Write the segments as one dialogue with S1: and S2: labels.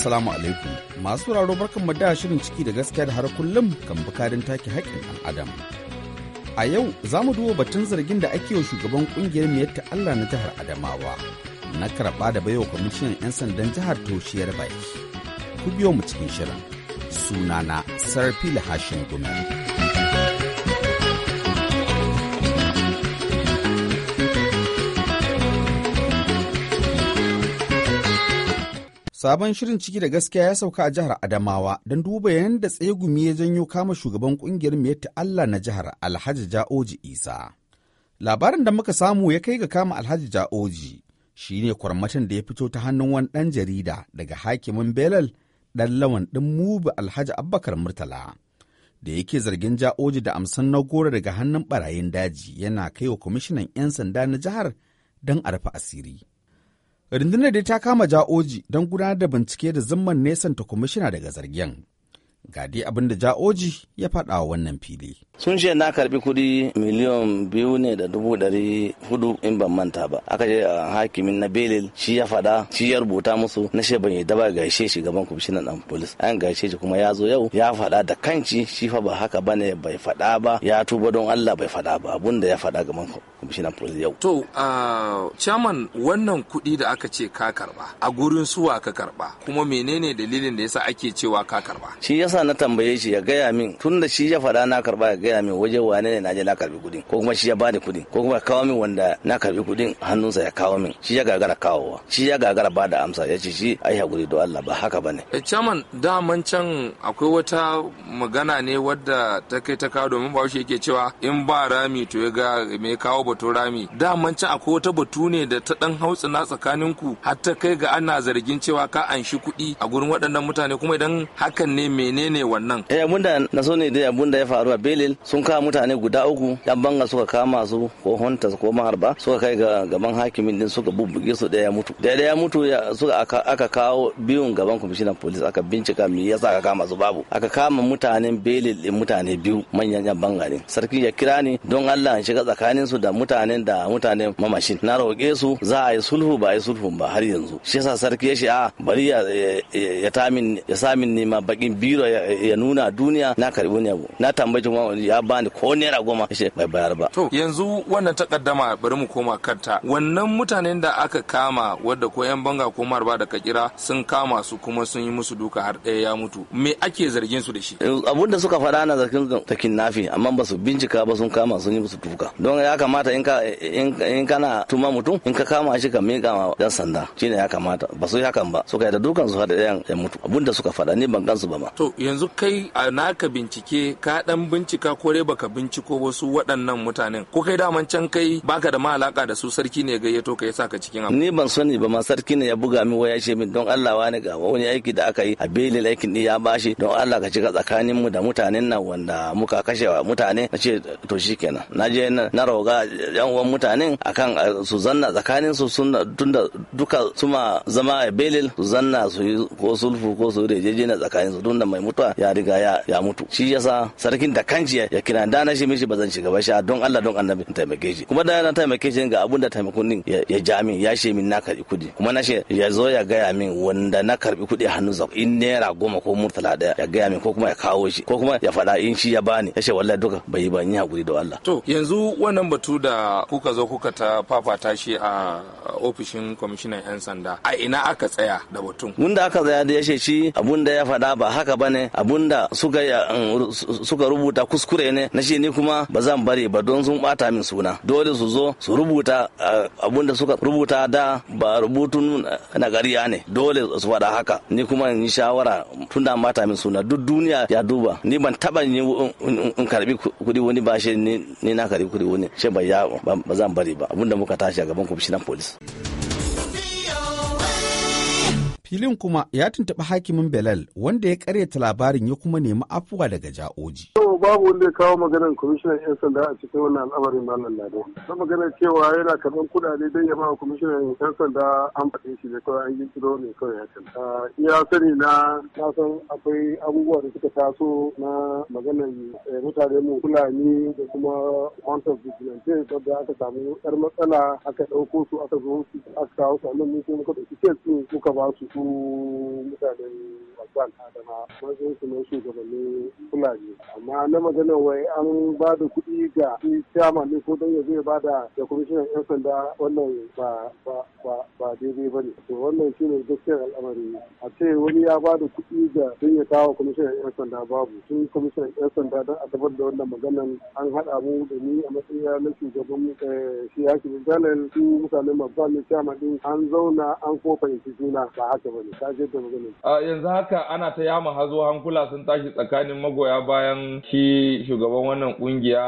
S1: Assalamu alaikum. Masu sauraro barkan mu da shirin ciki da gaskiya da har kullum kan bukarin take haƙƙin ɗan adam. A yau za mu duba batun zargin da ake wa shugaban kungiyar ta Allah na jihar Adamawa na karɓa da baiwa kwamishinan 'yan sandan jihar Toshiyar Baki. Ku biyo mu cikin shirin. Sunana sarfi lahashin Gumel. Sabon shirin ciki da gaskiya ya sauka a jihar Adamawa don duba yadda tsegumi ya janyo kama shugaban kungiyar ta Allah na jihar Alhaji Ja'oji Isa. Labarin da muka samu ya kai ga kama Alhaji Ja'oji shi ne kwarmatin da ya fito ta hannun wani ɗan jarida daga hakimin Belal dan lawan ɗin Mubi Alhaji Abbakar Murtala. Da yake zargin Ja'oji da amsan na goro daga hannun barayin daji yana kai wa kwamishinan 'yan sanda na jihar don arfa asiri. rundunar dai ta kama ja'oji don gudanar da bincike da zimman nesanta kwamishina daga zargen ga dai abin da ja'oji ya faɗa wa wannan fili.
S2: sun ce na karbi kuɗi miliyan biyu ne da dubu ɗari hudu in ban manta ba aka je a ah, hakimin na belil shi ya faɗa shi ya rubuta musu na she ban yi daba gaishe shi gaban na ɗan polis an gaishe shi kuma ya zo yau ya faɗa da kanci shi fa ba haka bane bai faɗa ba ya tuba don Allah bai faɗa ba abun da ya faɗa gaban na polis yau.
S3: to ah, chairman wannan kuɗi da aka ce ka karba a gurin suwa ka karba kuma menene dalilin da yasa ake cewa ka karba.
S2: shi yasa na tambaye shi ya gaya min tunda da shi ya faɗa na karba ya gaya min waje wane ne na je na karbi kuɗin ko kuma shi ya bani kuɗin ko kuma kawo min wanda na karbi kuɗin hannunsa ya kawo min shi ya gagara kawowa shi ya gagara bada amsa ya ce shi ai hakuri don Allah ba haka bane.
S3: Eh, Chairman daman can akwai wata magana ne wadda ta kai ta kawo domin shi yake cewa in ba rami to ya ga me kawo batu rami daman can akwai wata batu ne da ta dan hautsina tsakanin ku har ta kai ga ana zargin cewa ka anshi kuɗi a gurin waɗannan mutane kuma idan hakan ne mene menene wannan
S2: eh da na so ne dai da ya faru a belil sun kama mutane guda uku yan banga suka kama su ko hontas ko maharba suka kai ga gaban hakimin din suka bubbuge su daya mutu daya ya mutu suka aka kawo biyun gaban kwamishinan police aka bincika me yasa aka kama su babu aka kama mutanen belil din mutane biyu manyan yan banga ne sarki ya kira ni don Allah in shiga tsakanin su da mutanen da mutanen mamashin na roƙe su za a yi sulhu ba a yi sulhu ba har yanzu shi yasa sarki ya shi a ah, bari ya ya ya sa min nema bakin biro ya nuna a duniya na karbi wani abu na tambayi kuma ya bani ko naira goma yace bai bayar ba to yanzu wannan takaddama bari
S3: mu koma kanta wannan mutanen da aka kama wadda ko yan banga ko marba da kakira sun kama su kuma sun yi musu duka har ɗaya ya mutu me ake zargin su da shi
S2: abun da suka faɗa na zargin takin nafi amma ba su bincika ba sun kama sun yi musu duka don ya kamata in ka in kana tuma mutum in ka kama shi ka miƙa ma dan sanda shine ya kamata ba su yi hakan ba suka yi da dukan su har ɗayan ya mutu abun da suka faɗa ni ban kansu ba ma to
S3: yanzu kai a naka bincike ka dan bincika ko dai baka binciko wasu waɗannan mutanen ko kai daman can kai baka da ma alaka da su sarki ne gayyato ka kai ka cikin abu
S2: ni ban sani ba ma sarki ne ya buga min waya ce min don Allah wani ga wani aiki da aka yi a belin aikin ya bashi don Allah ka cika tsakanin mu da mutanen nan wanda muka kashe mutane na ce to shikenan na je na roga yan uwan mutanen akan su zanna tsakanin su sun tunda duka suma zama a belil su zanna su yi ko sulfu ko su na tsakanin su tunda mai wuta ya riga ya ya mutu shi yasa sarkin da kanji ya kira da na shi mishi ba zan shiga ba sha don Allah don annabi in taimake shi kuma da yana taimake shi ga abun da taimakon din ya ja min ya she min na kudi kuma na she ya zo ya gaya min wanda na karbi kudi hannu za in naira goma ko murtala daya ya gaya min ko kuma ya kawo shi ko kuma ya fada in shi ya bani ya she wallahi duka bai ba ni hakuri da Allah
S3: to yanzu wannan batu da kuka zo kuka ta fafata shi a ofishin commissioner yan sanda a ina aka tsaya da batun
S2: mun da aka tsaya da ya she shi abun ya fada ba haka bane ne abunda suka mm, suka rubuta kuskure ne na shi ni kuma ba zan bari ba don sun bata min suna dole su zo su rubuta abunda suka rubuta da ba rubutun na gariya ne dole su faɗa haka ni kuma in shawara tun da bata min suna duk duniya ya duba ni ban taba ni in karbi kudi wani ba shi ni na karbi kudi wani shi ba zan bari ba abunda muka tashi a gaban kwamishinan polis.
S1: filin kuma ya tuntuɓi hakimin belal wanda ya karyata labarin ya kuma nemi afuwa daga ja'oji.
S4: babu wanda ya kawo maganar kwamishinan 'yan sanda a cikin wannan al'amarin malam lado ta magana cewa yana karɓar kuɗaɗe don ya ba kwamishinan 'yan sanda an faɗe shi ne kawai an yi kiro ne kawai ya ah, iya sani na na san akwai abubuwa da suka taso na maganar eh, mutane mu fulani da kuma wantan vigilante saboda aka samu yar matsala aka ɗauko su aka zo su aka kawo su a nan mun kuma ɗauki kes ɗin muka ba su su mutanen wasan adama ma su ne shugabannin fulani amma na magana wai an ba da kuɗi ga shi chairman ne ko don ya zai ba da da kwamishinan 'yan sanda wannan ba ba ba ba daidai ba ne to wannan shi ne gaskiyar al'amari a ce wani ya ba da kuɗi ga don ya kawo kwamishinan 'yan sanda babu sun kwamishinan 'yan sanda don a tabbatar da wannan maganan an haɗa mu da ni a matsayin na shugaban eh, shi ya shirin jalal su mutanen mabban ne chairman din an zauna an kofa yanki juna ba haka ba ne ka je da maganin.
S3: yanzu haka ana ta yama hazo hankula sun tashi tsakanin magoya bayan shi shi shugaban wannan kungiya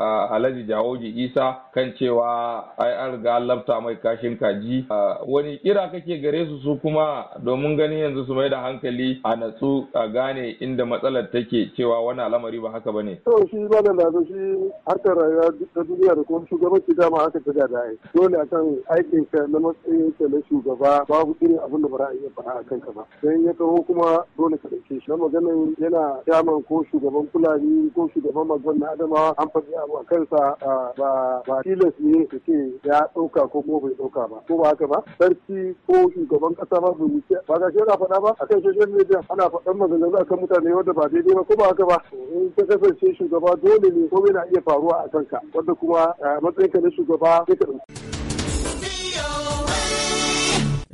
S3: ah, Alhaji Jawoji Isa kan cewa ai an riga lafta mai kashin kaji ah, wani kira kake gare su su kuma domin ganin yanzu su mai da hankali a natsu a gane inda matsalar take cewa wani al'amari ba haka bane
S4: to shi ba da lazo shi harkar rayuwa ta duniya da kuma shugabanci dama haka ta gada ai dole akan aikin ka na matsayin ka na shugaba babu irin abin da ba za a iya faɗa a kanka ba dan ya kawo kuma dole ka dauke shi maganin yana kyaman ko shugaban kula shi ko shugaban magon na adamawa an faɗi abu a kansa ba ba tilas ne su ce ya ɗauka ko kuma bai ɗauka ba ko ba haka ba sarki ko shugaban ƙasa ba bai wuce ba ga shi yana faɗa ba akan social media ana faɗan maganganu akan mutane wanda ba daidai ba ko ba haka ba in ka kasance shugaba dole ne ko yana iya faruwa a kanka wanda kuma matsayinka na shugaba sai ka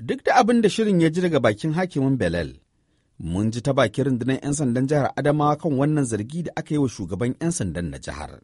S1: duk da abin da shirin ya ji daga bakin hakimin Belal, Mun ji ta bakin rundunar 'yan sandan jihar Adamawa kan wannan zargi da aka yi wa shugaban 'yan sandan na jihar.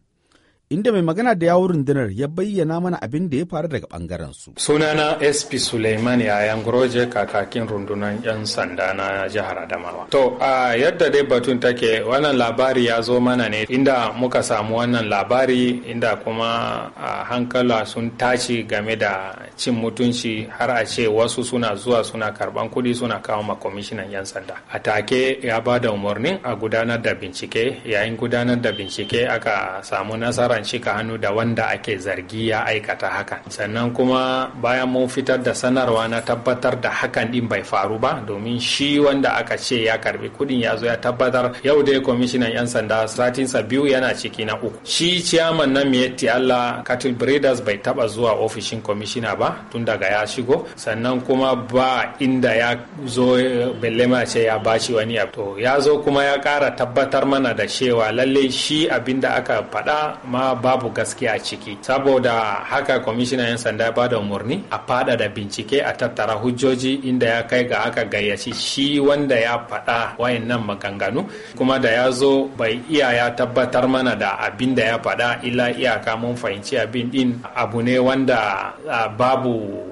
S1: inda mai magana da yawon rundunar ya bayyana mana abin da
S5: ya faru daga bangaren su. Sunana SP Suleiman Yayan Groje kakakin rundunar 'yan sanda na jihar Adamawa. To a yadda dai batun take wannan labari ya zo mana ne inda muka samu wannan labari inda kuma a hankala sun tashi game da cin mutunci har a ce wasu suna zuwa suna karban kuɗi suna kawo ma kwamishinan 'yan sanda. A take ya ba da umarnin a gudanar da bincike yayin gudanar da bincike aka samu nasara akan shika hannu da wanda ake zargi ya aikata hakan sannan kuma bayan mun fitar da sanarwa na tabbatar da hakan din bai faru ba domin shi wanda aka ce ya karbi kudin ya zo ya tabbatar yau dai kwamishinan yan sanda satinsa biyu yana ciki na uku shi ciyaman na miyetti allah cattle breeders bai taba zuwa ofishin kwamishina ba tun daga ya shigo sannan kuma ba inda ya zo bellema ce ya bashi wani abu to ya zo kuma ya kara tabbatar mana da cewa lalle shi abinda aka faɗa ma kuma babu gaskiya a ciki saboda haka kwamishinan 'yan sanda ya bada umarni a fada da bincike a tattara hujjoji inda ya kai ga aka gayyaci shi wanda ya faɗa wayannan maganganu kuma da ya zo bai iya ya tabbatar mana da abin da ya faɗa illa iyaka mun fahimci abin din abu ne wanda babu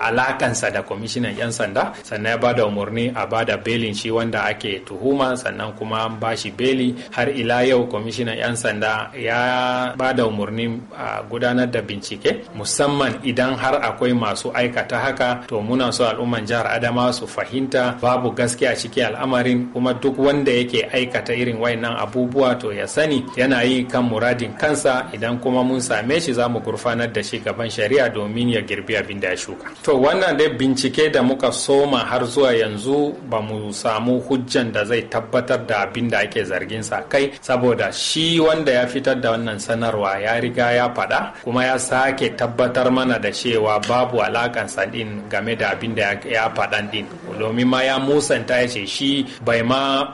S5: alakansa da kwamishinan 'yan sanda sannan ya bada umarni a bada belin shi wanda ake tuhuma sannan kuma an shi beli har ila yau kwamishinan 'yan sanda ya bada umarni a gudanar da bincike musamman idan har akwai masu aikata haka to muna so al'umman jihar adama su fahimta babu gaskiya ciki al'amarin kuma duk wanda yake aikata irin wayannan abubuwa to ya sani yana yi kan muradin kansa idan kuma mun same shi za mu gurfanar da shi gaban shari'a domin ya girbi abin da ya shuka doka. to wannan dai bincike da muka soma har zuwa yanzu ba mu samu hujjan da zai tabbatar da abin da ake zargin sa kai saboda shi wanda ya fitar da wannan sanarwa ya riga ya fada kuma ya sake tabbatar mana da cewa babu alakan din game da abin da ya fada din domin ma ya musanta ya ce shi bai ma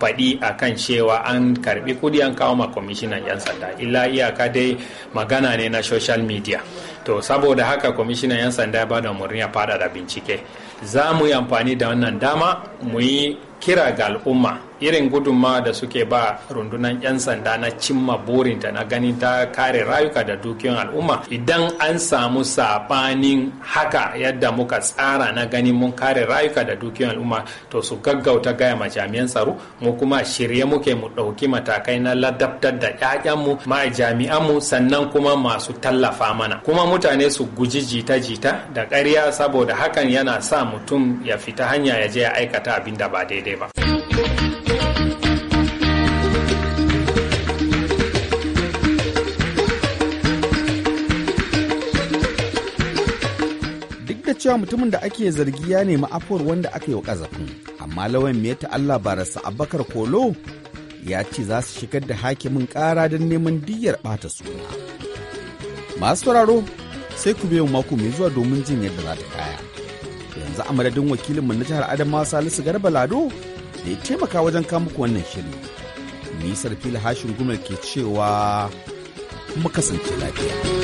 S5: a kan cewa an karbi kudi an kawo ma kwamishinan yan sanda illa iyaka dai magana ne na social media to saboda haka kwamishinan 'yan sanda ya bada umarni ya fada da bincike za mu yi amfani da wannan dama mu yi kira ga al'umma irin gudunma da suke ba rundunan 'yan sanda na cimma burinta na ganin ta kare rayuka da dukiyoyin al'umma idan an samu sabanin haka yadda muka tsara na ganin mun kare rayuka da dukiyoyin al'umma to su gaggauta gaya ma jami'an tsaro mu kuma shirye muke mu ɗauki matakai na ladabtar da ƴaƴanmu ma jami'anmu sannan kuma masu tallafa mana kuma mutane su guji jita-jita da ƙarya saboda hakan yana sa mutum ya fita hanya ya je ya aikata abin da ba daidai ba.
S1: cewa mutumin da ake zargi ya nemi afuwar wanda aka yi wa ƙazafin amma lawan me ta Allah barasa abakar kolo ya ce za su shigar da hakimin ƙara don neman diyyar ɓata suna masu sauraro sai ku biyo mako mai zuwa domin jin yadda za ta kaya yanzu a madadin wakilinmu na jihar Adama salisu garba lado da ya taimaka wajen ku wannan shirin, nisar fili hashin gumar ke cewa muka kasance lafiya.